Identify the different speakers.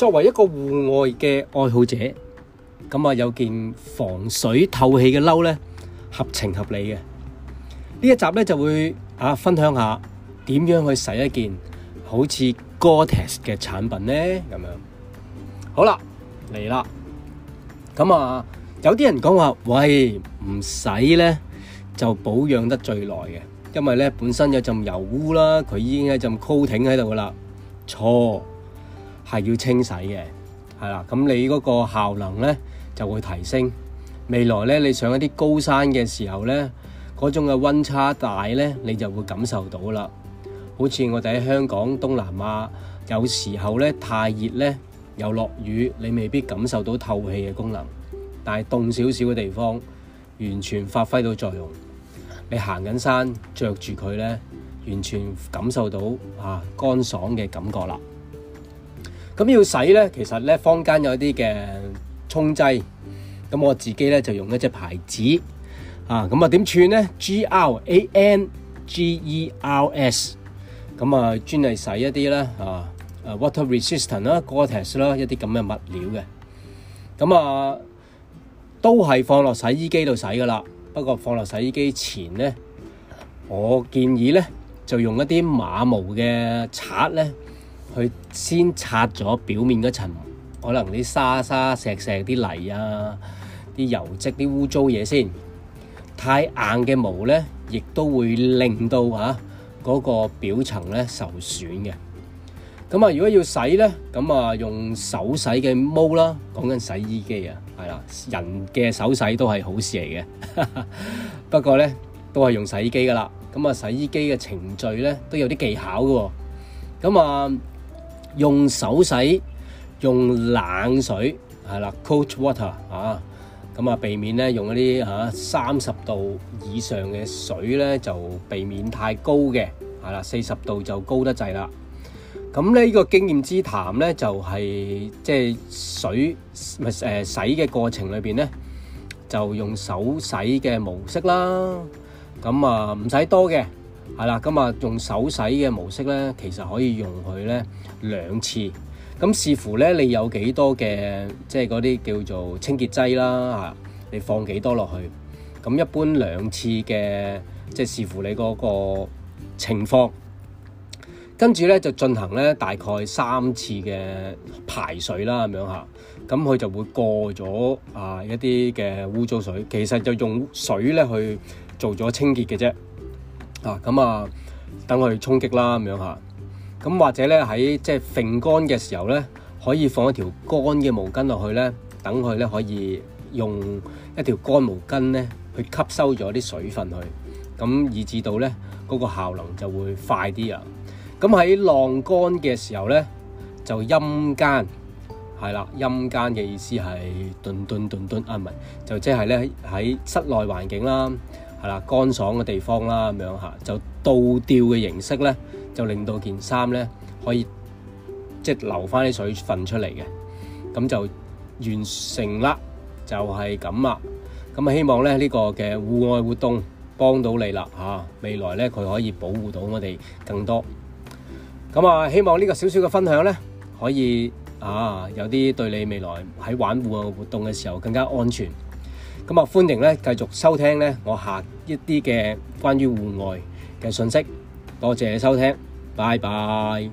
Speaker 1: 作為一個戶外嘅愛好者，咁啊有件防水透氣嘅褸咧，合情合理嘅。呢一集咧就會啊分享一下點樣去洗一件好似 Gore-Tex 嘅產品咧，咁樣。好啦，嚟啦。咁啊，有啲人講話喂唔使咧就保養得最耐嘅，因為咧本身有浸油污啦，佢已經係浸 coating 喺度噶啦。錯。係要清洗嘅，係啦，咁你嗰個效能呢，就會提升。未來呢，你上一啲高山嘅時候呢，嗰種嘅温差大呢，你就會感受到啦。好似我哋喺香港、東南亞，有時候呢太熱呢，又落雨，你未必感受到透氣嘅功能。但係凍少少嘅地方，完全發揮到作用。你行緊山，着住佢呢，完全感受到啊乾爽嘅感覺啦。咁要洗咧，其實咧，坊間有啲嘅沖劑，咁我自己咧就用一隻牌子啊，咁啊點串咧，G R A N G E R S，咁啊專係洗一啲咧啊，water resistant 啦，Gore-Tex 啦，一啲咁嘅物料嘅，咁啊都係放落洗衣機度洗噶啦，不過放落洗衣機前咧，我建議咧就用一啲馬毛嘅刷咧。佢先擦咗表面嗰層，可能啲沙沙、石石、石、啲泥啊、啲油漬、啲污糟嘢先。太硬嘅毛咧，亦都會令到嚇嗰、啊那個表層咧受損嘅。咁啊，如果要洗咧，咁啊用手洗嘅毛啦，講緊洗衣機啊，係啦，人嘅手洗都係好事嚟嘅。不過咧，都係用洗衣機噶啦。咁啊，洗衣機嘅程序咧都有啲技巧嘅喎。咁啊～用手洗，用冷水係啦，cold water 啊，咁啊避免咧用嗰啲吓三十度以上嘅水咧，就避免太高嘅係啦，四十度就高得滯啦。咁咧呢個經驗之談咧，就係即係水咪誒洗嘅過程裏邊咧，就用手洗嘅模式啦。咁啊唔使多嘅。係啦，咁啊用手洗嘅模式咧，其實可以用佢咧兩次。咁視乎咧你有幾多嘅即係嗰啲叫做清潔劑啦，吓你放幾多落去。咁一般兩次嘅，即係視乎你嗰個情況。跟住咧就進行咧大概三次嘅排水啦，咁樣吓。咁佢就會過咗啊一啲嘅污糟水，其實就用水咧去做咗清潔嘅啫。咁啊，等佢沖擊啦咁樣嚇，咁或者咧喺即係揈乾嘅時候咧，可以放一條乾嘅毛巾落去咧，等佢咧可以用一條乾毛巾咧去吸收咗啲水分去，咁以至到咧嗰個效能就會快啲啊。咁喺晾乾嘅時候咧，就陰間係啦，陰間嘅意思係頓頓頓頓啊唔係，就即係咧喺室內環境啦。係啦，乾爽嘅地方啦，咁樣嚇就倒吊嘅形式咧，就令到件衫咧可以即係、就是、流翻啲水分出嚟嘅，咁就完成啦，就係咁啦。咁希望咧呢、呢個嘅戶外活動幫到你啦嚇、啊，未來咧佢可以保護到我哋更多。咁啊，希望呢個少少嘅分享咧，可以啊有啲對你未來喺玩戶外活動嘅時候更加安全。咁啊，歡迎呢繼續收聽我下一啲嘅關於戶外嘅信息。多謝你收聽，拜拜。